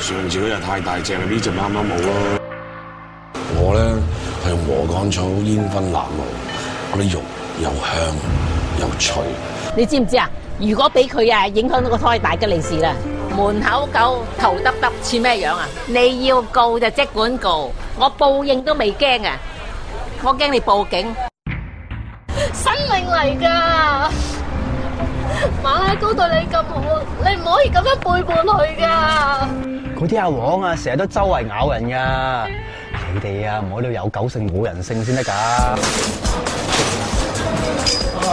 上次嗰隻太大隻啦，呢隻啱啱好咯。我咧係用禾稈草煙熏臘肉，嗰啲肉又香又脆。你知唔知啊？如果俾佢啊，影響到個胎，大吉利是啦。門口狗頭耷耷，似咩樣啊？你要告就即管告，我報應都未驚啊！我驚你報警。生命嚟㗎，馬拉糕對你咁好，你唔可以咁樣背叛佢㗎。嗰啲阿黃啊，成日都周圍咬人噶，你哋啊，我哋有狗性冇人性先得噶。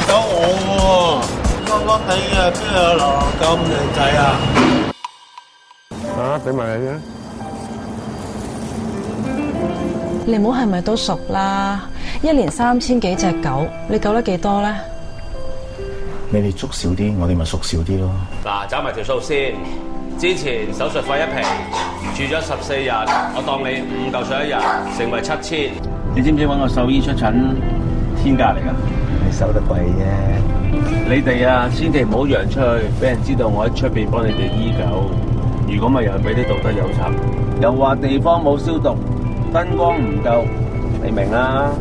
狗惡喎，笠笠地啊，邊有流浪狗咁靚仔啊？啊，俾埋你先。你唔好係咪都熟啦？一年三千幾隻狗，你狗得幾多咧？你哋捉少啲，我哋咪熟少啲咯。嗱，找埋條數先。之前手術費一皮，住咗十四日，我當你五舊水一日，成為七千、啊。你知唔知揾個獸醫出診，天價嚟噶，係收得貴啫。你哋啊，千祈唔好揚出去，俾人知道我喺出邊幫你哋醫狗。如果咪又俾啲道德友參，又話地方冇消毒，燈光唔夠，你明啦、啊。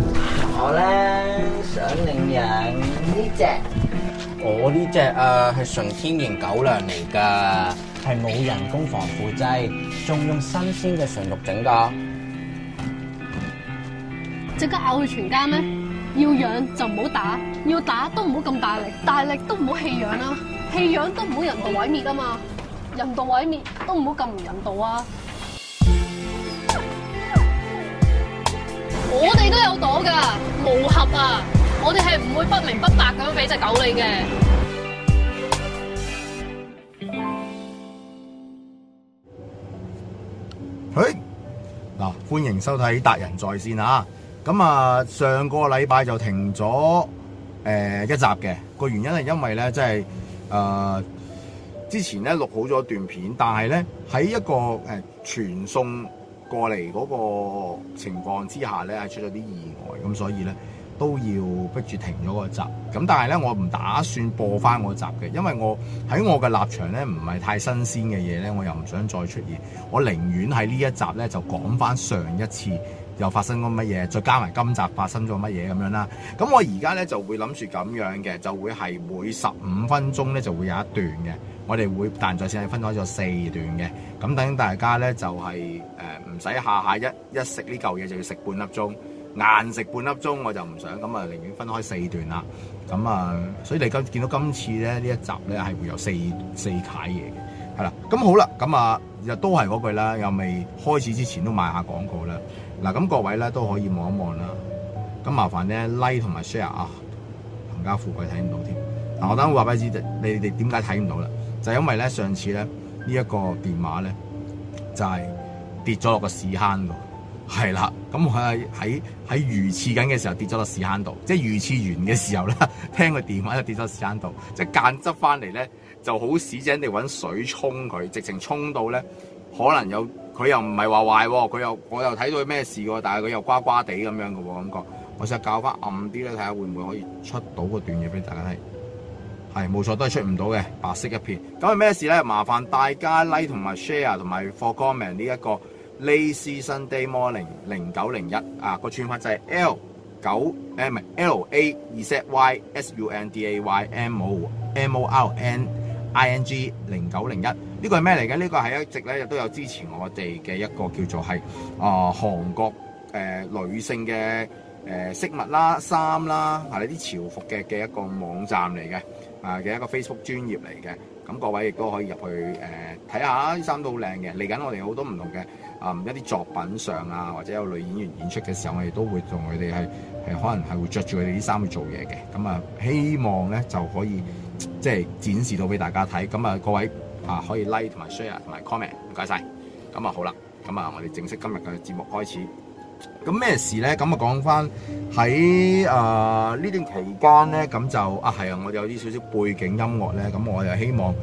我咧想領養呢隻，我呢隻啊係純天然狗糧嚟噶。係冇人工防腐劑，仲用新鮮嘅純肉整噶。即刻咬佢全家咩？要養就唔好打，要打都唔好咁大力，大力都唔好棄養啦，棄養都唔好人道毀滅啊嘛，人道毀滅都唔好咁唔人道啊！我哋都有朵噶，無合啊！我哋係唔會不明不白咁樣俾隻狗你嘅。歡迎收睇達人在線啊！咁啊，上個禮拜就停咗誒、呃、一集嘅個原因係因為咧，即係誒之前咧錄好咗段片，但係咧喺一個誒傳送過嚟嗰個情況之下咧，係出咗啲意外，咁所以咧。都要逼住停咗個集，咁但係呢，我唔打算播翻我集嘅，因為我喺我嘅立場呢，唔係太新鮮嘅嘢呢，我又唔想再出現，我寧願喺呢一集呢，就講翻上一次又發生過乜嘢，再加埋今集發生咗乜嘢咁樣啦。咁我而家呢，就會諗住咁樣嘅，就會係每十五分鐘呢，就會有一段嘅，我哋會但係在先係分開咗四段嘅，咁等大家呢、就是，就係誒唔使下下一一食呢嚿嘢就要食半粒鐘。硬食半粒鐘我就唔想，咁啊寧願分開四段啦。咁啊，所以你今見到今次咧呢一集咧係會有四四塊嘢嘅，係啦。咁好啦，咁啊又都係嗰句啦，又未開始之前都賣下廣告啦。嗱，咁各位咧都可以望一望啦。咁麻煩咧 like 同埋 share 啊，貧家富貴睇唔到添。嗱、啊，我等下會話俾你知，你哋點解睇唔到啦？就係、因為咧上次咧呢一、呢個電話咧就係跌咗落個屎坑度。係啦，咁佢係喺喺魚刺緊嘅時候跌咗落屎坑度，即係魚刺完嘅時候咧，聽個電話跌就跌咗屎坑度，即係間執翻嚟咧就好屎精地揾水沖佢，直情沖到咧可能有佢又唔係話壞，佢又我又睇到佢咩事喎，但係佢又瓜瓜地咁樣嘅喎感覺，我想下校翻暗啲咧，睇下會唔會可以出到嗰段嘢俾大家睇，係冇錯都係出唔到嘅白色一片。咁係咩事咧？麻煩大家 like 同埋 share 同埋 for comment 呢、這、一個。Lazy Sunday Morning 零九零一，啊，個串法就係 L 九誒 L A reset y s u n d a y m o m o r n i n g 零九零一，呢個係咩嚟嘅？呢個係一直咧亦都有支持我哋嘅一個叫做係啊、呃、韓國誒、呃、女性嘅誒飾物啦、衫啦，係、啊、一啲潮服嘅嘅一個網站嚟嘅，啊，嘅一個 Facebook 專頁嚟嘅，咁、啊、各位亦都可以入去誒睇下呢衫都好靚嘅。嚟緊我哋好多唔同嘅。啊、嗯！一啲作品上啊，或者有女演員演出嘅時候，我哋都會同佢哋係係可能係會着住佢哋啲衫去做嘢嘅。咁啊，希望咧就可以即係展示到俾大家睇。咁啊，各位啊可以 like 同埋 share 同埋 comment，唔該晒。咁啊好啦，咁啊我哋正式今日嘅節目開始。咁咩事咧？咁、呃、啊講翻喺啊呢段期間咧，咁就啊係啊，我哋有啲少少背景音樂咧。咁我又希望誒、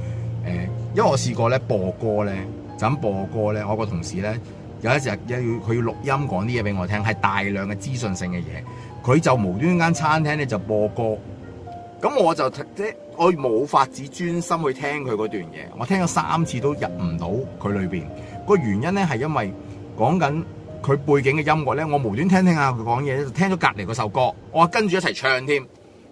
呃，因為我試過咧播歌咧。咁播歌咧，我個同事咧有一日又要佢要錄音講啲嘢俾我聽，係大量嘅資訊性嘅嘢，佢就無端間餐廳咧就播歌，咁我就即係我冇法子專心去聽佢嗰段嘢，我聽咗三次都入唔到佢裏邊。個原因咧係因為講緊佢背景嘅音樂咧，我無端聽聽下佢講嘢，就聽咗隔離嗰首歌，我話跟住一齊唱添，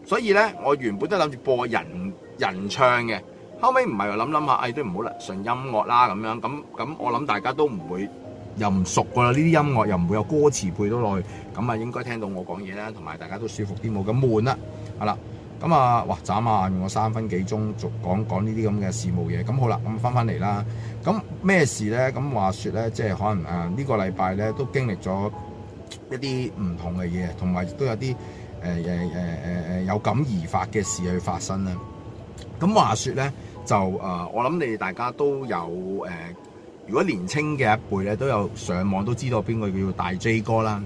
所以咧我原本都諗住播人人唱嘅。後尾唔係話諗諗下，誒、哎、都唔好啦，純音樂啦咁樣，咁咁我諗大家都唔會又唔熟噶啦，呢啲音樂又唔會有歌詞配到落去，咁啊應該聽到我講嘢啦，同埋大家都舒服啲冇，咁悶啦，好啦，咁啊，哇，眨下眼，用我三分幾鐘續講講呢啲咁嘅事務嘢，咁好啦，咁翻翻嚟啦，咁咩事咧？咁話説咧，即係可能誒、啊呢個、呢個禮拜咧都經歷咗一啲唔同嘅嘢，同埋亦都有啲誒誒誒誒誒有感而發嘅事去發生啦。咁話説咧。呢就誒、呃，我諗你哋大家都有誒、呃，如果年青嘅一輩咧都有上網都知道邊個叫做大 J 哥啦，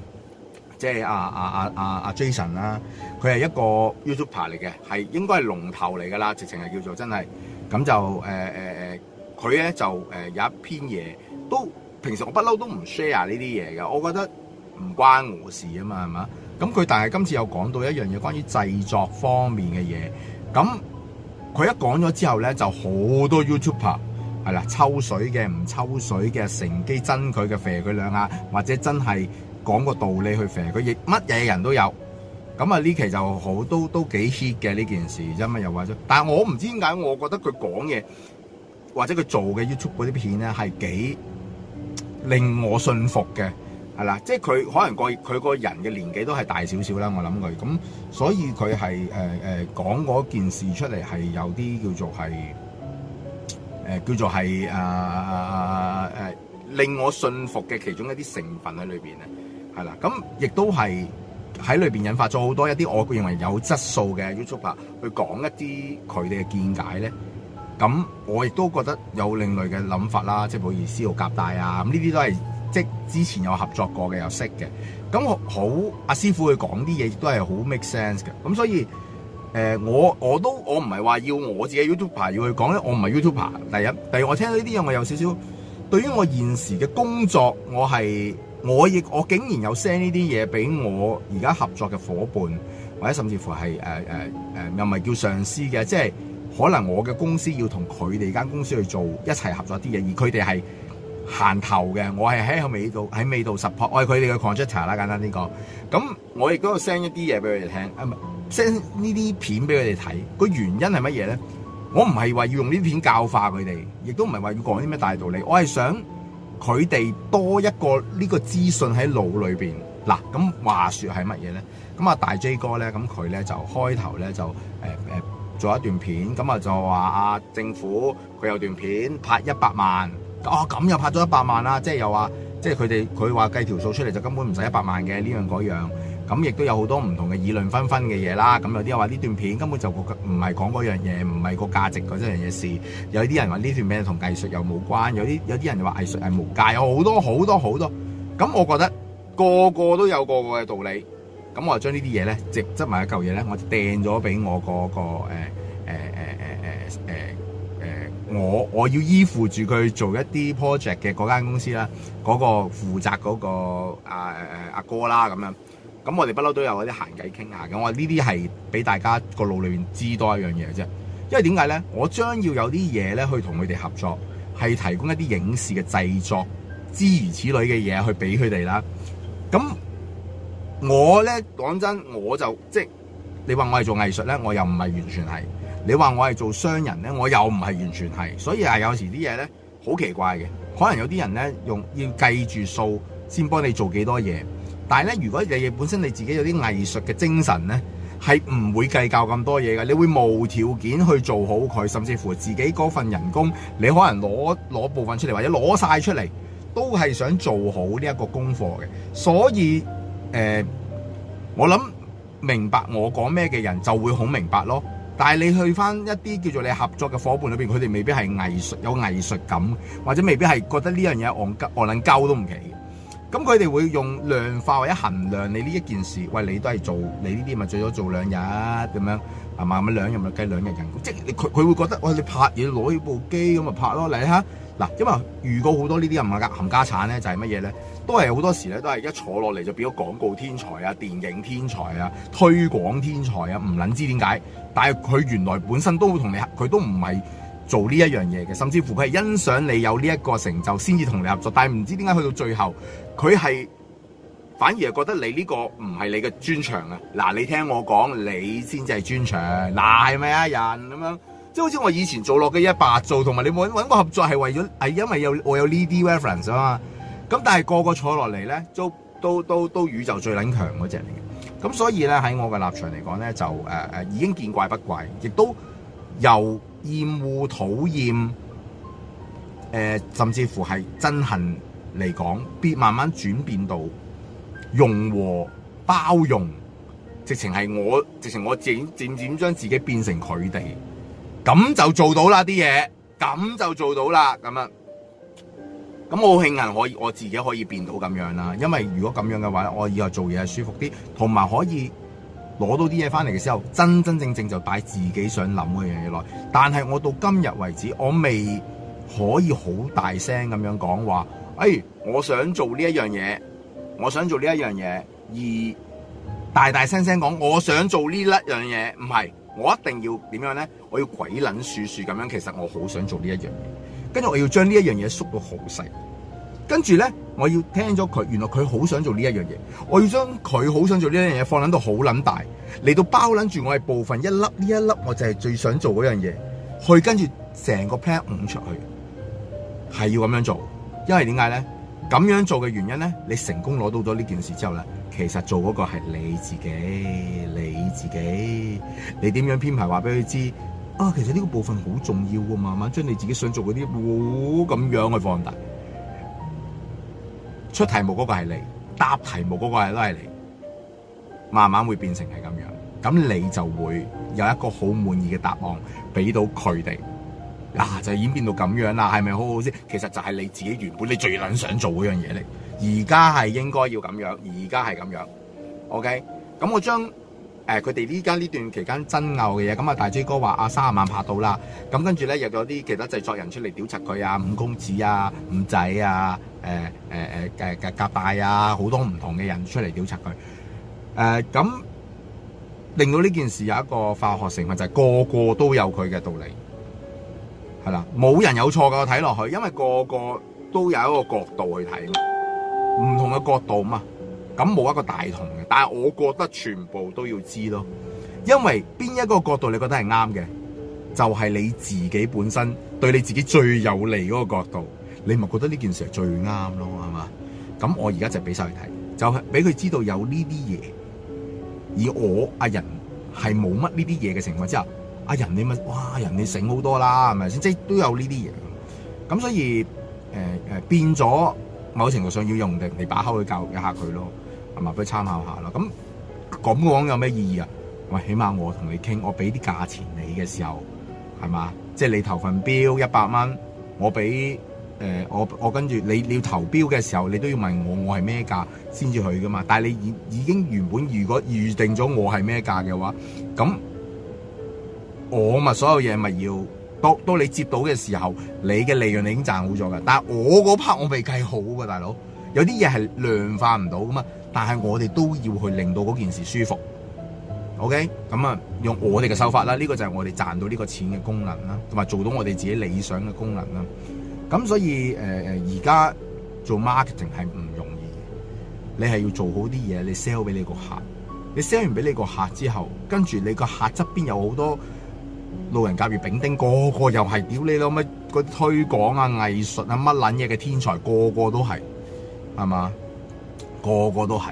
即係阿阿阿阿阿 Jason 啦，佢係一個 YouTuber 嚟嘅，係應該係龍頭嚟噶啦，直情係叫做真係。咁就誒誒誒，佢、呃、咧、呃、就誒有一篇嘢，都平時我不嬲都唔 share 呢啲嘢嘅，我覺得唔關我事啊嘛，係嘛？咁佢但係今次又講到一樣嘢，關於製作方面嘅嘢，咁。佢一講咗之後咧，就好多 YouTuber，係啦，抽水嘅、唔抽水嘅，乘機真佢嘅，吠佢兩下，或者真係講個道理去吠佢，亦乜嘢人都有。咁啊，呢期就好都都幾 hit 嘅呢件事，啫嘛又話咗，但係我唔知點解，我覺得佢講嘢或者佢做嘅 YouTube 嗰啲片咧，係幾令我信服嘅。係啦，即係佢可能個佢個人嘅年紀都係大少少啦，我諗佢咁，所以佢係誒誒講嗰件事出嚟係有啲叫做係誒、呃、叫做係啊啊令我信服嘅其中一啲成分喺裏邊咧，係啦，咁亦都係喺裏邊引發咗好多一啲我認為有質素嘅 YouTuber 去講一啲佢哋嘅見解咧，咁我亦都覺得有另類嘅諗法啦，即係唔好意思，好夾帶啊，咁呢啲都係。即之前有合作過嘅，有識嘅，咁好阿、啊、師傅去講啲嘢亦都係好 make sense 嘅。咁所以誒、呃，我我都我唔係話要我自己 Youtuber 要去講，咧，我唔係 Youtuber 第一，第二我聽到呢啲嘢，我有少少對於我現時嘅工作，我係我亦我竟然有 send 呢啲嘢俾我而家合作嘅伙伴，或者甚至乎係誒誒誒又唔係叫上司嘅，即、就、係、是、可能我嘅公司要同佢哋間公司去做一齊合作啲嘢，而佢哋係。行頭嘅，我係喺個尾度，喺尾度 support，我係佢哋嘅 contractor 啦，簡單啲講。咁我亦都 send 一啲嘢俾佢哋聽，唔係 send 呢啲片俾佢哋睇。個原因係乜嘢咧？我唔係話要用呢啲片教化佢哋，亦都唔係話要講啲咩大道理。我係想佢哋多一個呢個資訊喺腦裏邊。嗱，咁話説係乜嘢咧？咁啊大 J 哥咧，咁佢咧就開頭咧就誒誒、欸、做一段片，咁啊就話啊政府佢有段片拍一百萬。哦，咁又拍咗一百萬啦，即係又話，即係佢哋佢話計條數出嚟就根本唔使一百萬嘅呢樣嗰樣，咁亦都有好多唔同嘅議論紛紛嘅嘢啦。咁有啲話呢段片根本就唔係講嗰樣嘢，唔係個價值嗰樣嘢事。有啲人話呢段片同藝術又冇關，有啲有啲人又話藝術係無界，有好多好多好多。咁我覺得個個都有個個嘅道理。咁我將呢啲嘢咧，直執埋一嚿嘢咧，我就掟咗俾我、嗰個、嗰個誒、欸欸我我要依附住佢做一啲 project 嘅嗰間公司、啊啊、啦，嗰個負責嗰個啊誒誒阿哥啦咁樣，咁我哋不嬲都有啲閒偈傾下，咁我呢啲係俾大家個腦裏面知多一樣嘢啫，因為點解咧？我將要有啲嘢咧去同佢哋合作，係提供一啲影視嘅製作之，諸如此類嘅嘢去俾佢哋啦。咁我咧講真，我就即係、就是、你話我係做藝術咧，我又唔係完全係。你話我係做商人呢，我又唔係完全係，所以啊，有時啲嘢呢，好奇怪嘅，可能有啲人呢，用要計住數先幫你做幾多嘢，但係呢，如果你本身你自己有啲藝術嘅精神呢，係唔會計較咁多嘢嘅，你會無條件去做好佢，甚至乎自己嗰份人工，你可能攞攞部分出嚟或者攞晒出嚟，都係想做好呢一個功課嘅。所以誒、呃，我諗明白我講咩嘅人就會好明白咯。但係你去翻一啲叫做你合作嘅伙伴裏邊，佢哋未必係藝術有藝術感，或者未必係覺得呢樣嘢戇鳩戇撚鳩都唔奇嘅。咁佢哋會用量化或者衡量你呢一件事，喂，你都係做你呢啲，咪最多做兩日咁樣係嘛？萬咁兩日咪計兩日人工，即係佢佢會覺得喂、哎，你拍嘢攞起部機咁咪拍咯，嚟嚇。嗱，因為遇過好多呢啲人啊，含家產咧就係乜嘢咧，都係好多時咧都係一坐落嚟就變咗廣告天才啊、電影天才啊、推廣天才啊，唔撚知點解。但係佢原來本身都會同你合，佢都唔係做呢一樣嘢嘅，甚至乎佢係欣賞你有呢一個成就先至同你合作。但係唔知點解去到最後，佢係反而係覺得你呢個唔係你嘅專長啊！嗱，你聽我講，你先至係專長，嗱係咪啊人咁樣？即係好似我以前做落嘅一百做，同埋你冇揾個合作係為咗係因為有我有呢啲 reference 啊嘛，咁但係個個坐落嚟咧，都都都都宇宙最撚強嗰隻嚟嘅，咁所以咧喺我嘅立場嚟講咧，就誒誒、呃、已經見怪不怪，亦都由厭惡、討厭，誒、呃、甚至乎係憎恨嚟講，必慢慢轉變到融和包容，直情係我直情我漸漸漸將自己變成佢哋。咁就做到啦啲嘢，咁就做到啦咁啊！咁我好慶幸我我自己可以變到咁樣啦，因為如果咁樣嘅話，我以後做嘢係舒服啲，同埋可以攞到啲嘢翻嚟嘅時候，真真正正就擺自己想諗嗰樣嘢落。但係我到今日為止，我未可以好大聲咁樣講話，誒、哎，我想做呢一樣嘢，我想做呢一樣嘢，而大大聲聲講我想做呢一樣嘢，唔係。我一定要點樣咧？我要鬼撚鼠鼠咁樣，其實我好想做呢一樣嘢。跟住我要將呢一樣嘢縮到好細。跟住咧，我要聽咗佢，原來佢好想做呢一樣嘢。我要將佢好想做呢一樣嘢放喺到好撚大，嚟到包撚住我嘅部分一粒呢一粒，我就係最想做嗰樣嘢。去跟住成個 plan 舞出去，係要咁樣做，因為點解咧？咁樣做嘅原因咧，你成功攞到咗呢件事之後啦，其實做嗰個係你自己，你自己，你點樣編排話俾佢知啊？其實呢個部分好重要噶，慢慢將你自己想做嗰啲，好、哦、咁樣去放大。出題目嗰個係你，答題目嗰個都係你，慢慢會變成係咁樣，咁你就會有一個好滿意嘅答案俾到佢哋。嗱、啊，就演變到咁樣啦，係咪好好先？其實就係你自己原本你最撚想做嗰樣嘢嚟，而家係應該要咁樣，而家係咁樣。OK，咁我將誒佢哋呢家呢段期間爭拗嘅嘢，咁、嗯、啊大 J 哥話啊三十萬拍到啦，咁跟住咧又有啲其他製作人出嚟屌柒佢啊，五公子啊，五仔啊，誒誒誒誒夾大啊，好多唔同嘅人出嚟屌柒佢。誒、呃、咁、嗯嗯、令到呢件事有一個化學成分，就係、是、個個都有佢嘅道理。係啦，冇人有錯噶，我睇落去，因為個個都有一個角度去睇，唔同嘅角度嘛，咁冇一個大同嘅。但係我覺得全部都要知咯，因為邊一個角度你覺得係啱嘅，就係你自己本身對你自己最有利嗰個角度，你咪覺得呢件事係最啱咯，係嘛？咁我而家就俾晒佢睇，就係俾佢知道有呢啲嘢，而我阿仁係冇乜呢啲嘢嘅情況之下。啊人哋咪哇人哋醒好多啦，係咪先？即係都有呢啲嘢。咁所以誒誒、呃、變咗，某程度上要用定，你把口去教育一下佢咯，係咪俾佢參考下咯？咁講講有咩意義啊？喂，起碼我同你傾，我俾啲價錢你嘅時候，係嘛？即係你投份標一百蚊，我俾誒、呃、我我跟住你你要投標嘅時候，你都要問我我係咩價先至去㗎嘛？但係你已已經原本如果預定咗我係咩價嘅話，咁。我咪所有嘢咪要到到你接到嘅時候，你嘅利潤你已經賺好咗噶。但係我嗰 part 我未計好噶，大佬。有啲嘢係量化唔到噶嘛。但係我哋都要去令到嗰件事舒服。OK，咁啊，用我哋嘅手法啦。呢、這個就係我哋賺到呢個錢嘅功能啦，同埋做到我哋自己理想嘅功能啦。咁所以誒誒，而、呃、家做 marketing 係唔容易。你係要做好啲嘢，你 sell 俾你個客，你 sell 完俾你個客之後，跟住你個客側邊有好多。路人甲乙丙丁，個個又係屌你老乜個推廣啊、藝術啊、乜撚嘢嘅天才，個個都係，係嘛？個個都係，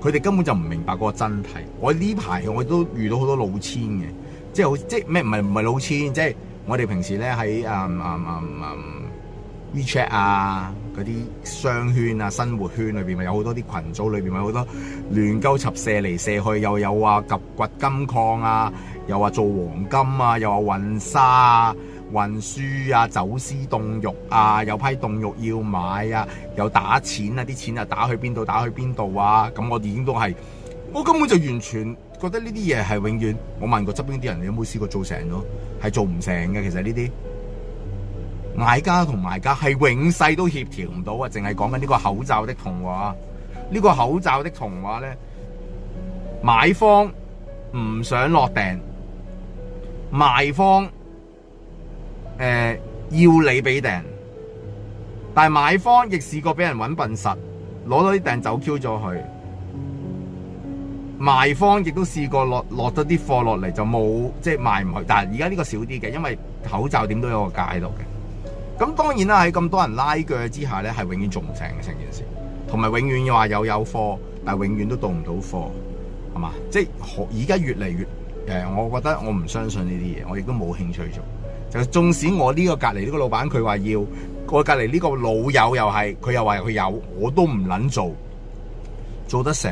佢哋根本就唔明白嗰個真諦。我呢排我都遇到好多老千嘅，即係好即係咩？唔係唔係老千，即係我哋平時咧喺啊啊啊啊。嗯嗯嗯 WeChat 啊，嗰啲商圈啊、生活圈裏邊咪有好多啲群組裏邊咪好多亂鳩插射嚟射去，又有啊及掘金礦啊，又話做黃金啊，又話運沙啊，運輸啊、走私凍肉啊，有批凍肉要買啊，有打錢啊，啲錢啊打去邊度？打去邊度啊？咁我已經都係，我根本就完全覺得呢啲嘢係永遠，我問過側邊啲人，你有冇試過做成咗？係做唔成嘅，其實呢啲。買家同賣家係永世都協調唔到啊！淨係講緊呢個口罩的童話。呢、這個口罩的童話呢，買方唔想落訂，賣方誒、呃、要你俾訂，但係買方亦試過俾人揾笨實，攞到啲訂走 Q 咗去。賣方亦都試過落落咗啲貨落嚟，就冇即係賣唔去。但係而家呢個少啲嘅，因為口罩點都有個價喺度嘅。咁當然啦，喺咁多人拉腳之下咧，係永遠做唔成嘅成件事，同埋永遠話有有貨，但係永遠都到唔到貨，係嘛？即係而家越嚟越誒，我覺得我唔相信呢啲嘢，我亦都冇興趣做。就縱使我呢個隔離呢個老闆佢話要我隔離呢個老友又係佢又話佢有，我都唔撚做。做得成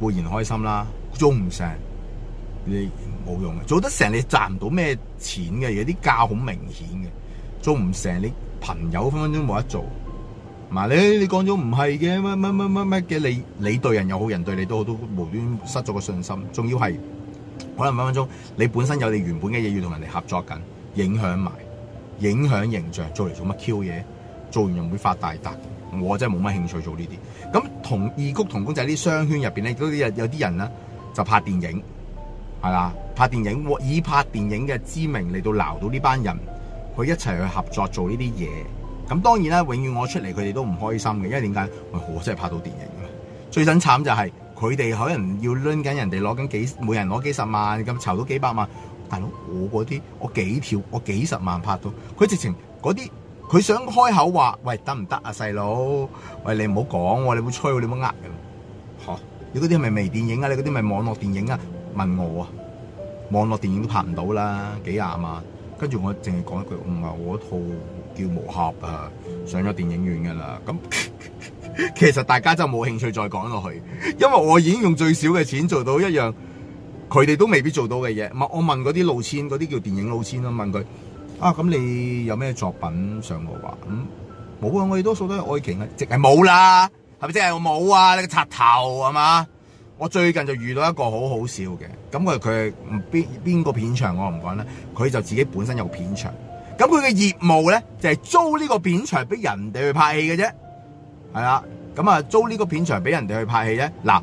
固然開心啦，做唔成你冇用嘅。做得成你賺唔到咩錢嘅，有啲價好明顯嘅。做唔成，你朋友分分鐘冇得做。嗱，你你講咗唔係嘅，乜乜乜乜乜嘅，你你對人又好，人對你都好，都無端失咗個信心。仲要係可能分分鐘，你本身有你原本嘅嘢要同人哋合作緊，影響埋、影響形象，做嚟做乜 Q 嘢？做完又唔會發大達。我真係冇乜興趣做呢啲。咁同異曲同工就係啲商圈入邊咧，都有啲人啦，就拍電影，係啦，拍電影以拍電影嘅知名嚟到鬧到呢班人。佢一齊去合作做呢啲嘢，咁當然啦，永遠我出嚟佢哋都唔開心嘅，因為點解？我真係拍到電影啊！最真慘就係佢哋可能要輪緊人哋攞緊幾，每人攞幾十萬咁，籌到幾百萬。大佬，我嗰啲我幾條，我幾十萬拍到。佢直情嗰啲，佢想開口話，喂，得唔得啊，細佬？喂，你唔好講，你唔好吹，你唔好呃嘅。嚇！你嗰啲係咪微電影啊？你嗰啲咪網絡電影啊？問我啊！網絡電影都拍唔到啦，幾廿萬。跟住我淨係講一句，唔係我套叫《無俠》啊，上咗電影院嘅啦。咁、嗯、其實大家就冇興趣再講落去，因為我已經用最少嘅錢做到一樣，佢哋都未必做到嘅嘢。唔係我問嗰啲老千，嗰啲叫電影老千咯，問佢啊，咁你有咩作品上過畫？咁、嗯、冇啊！我哋多數都係愛情嘅，即係冇啦，係咪即係冇啊？你個插頭係嘛？我最近就遇到一個好好笑嘅，咁佢佢邊邊個片場我唔講咧，佢就自己本身有片場，咁佢嘅業務咧就係租呢個片場俾人哋去拍戲嘅啫，係啦，咁啊租呢個片場俾人哋去拍戲啫。嗱，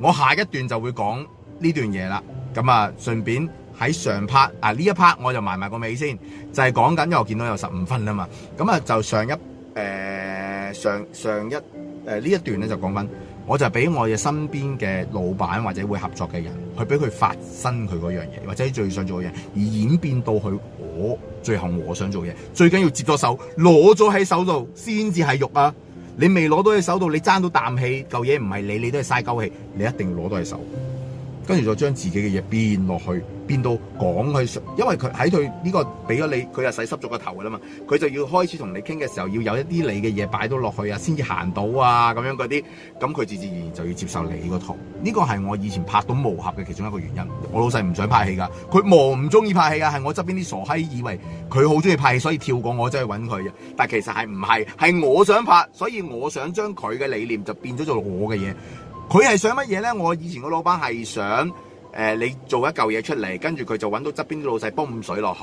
我下一段就會講呢段嘢啦，咁啊順便喺上 part 啊呢一 part 我就埋埋個尾先，就係講緊因為我見到有十五分吖嘛，咁啊就上一誒、呃、上上一誒、呃、呢一段咧就講緊。我就俾我哋身邊嘅老闆或者會合作嘅人，去俾佢發生佢嗰樣嘢，或者最想做嘅嘢，而演變到佢。我最後我想做嘢。最緊要接咗手，攞咗喺手度先至係肉啊！你未攞到喺手度，你爭到啖氣，嚿嘢唔係你，你都係嘥鳩氣。你一定要攞到喺手。跟住就將自己嘅嘢變落去，變到講去，因為佢喺佢呢個俾咗、這個、你，佢又洗濕咗個頭噶啦嘛，佢就要開始同你傾嘅時候，要有一啲你嘅嘢擺到落去啊，先至行到啊，咁樣嗰啲，咁佢自自然然就要接受你、這個圖。呢個係我以前拍到磨合嘅其中一個原因。我老細唔想拍戲㗎，佢冇唔中意拍戲㗎，係我側邊啲傻閪以為佢好中意拍戲，所以跳過我走去揾佢嘅。但其實係唔係，係我想拍，所以我想將佢嘅理念就變咗做我嘅嘢。佢係想乜嘢咧？我以前個老闆係想誒，你做一嚿嘢出嚟，跟住佢就揾到側邊啲老細泵水落去。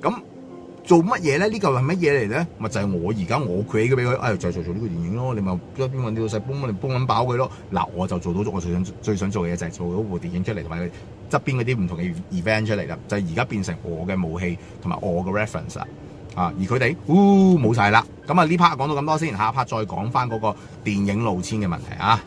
咁做乜嘢咧？呢嚿係乜嘢嚟咧？咪就係我而家我 create 嘅俾佢。誒，就做做呢個電影咯。你咪側邊揾啲老細泵泵你泵緊飽佢咯。嗱，我就做到咗。我最想最想做嘅嘢就係做咗部電影出嚟，同埋側邊嗰啲唔同嘅 event 出嚟啦。就係而家變成我嘅武器同埋我嘅 reference 啦。啊，而佢哋，唔冇晒啦。咁啊，呢 part 講到咁多先，下一 part 再講翻嗰個電影路線嘅問題啊。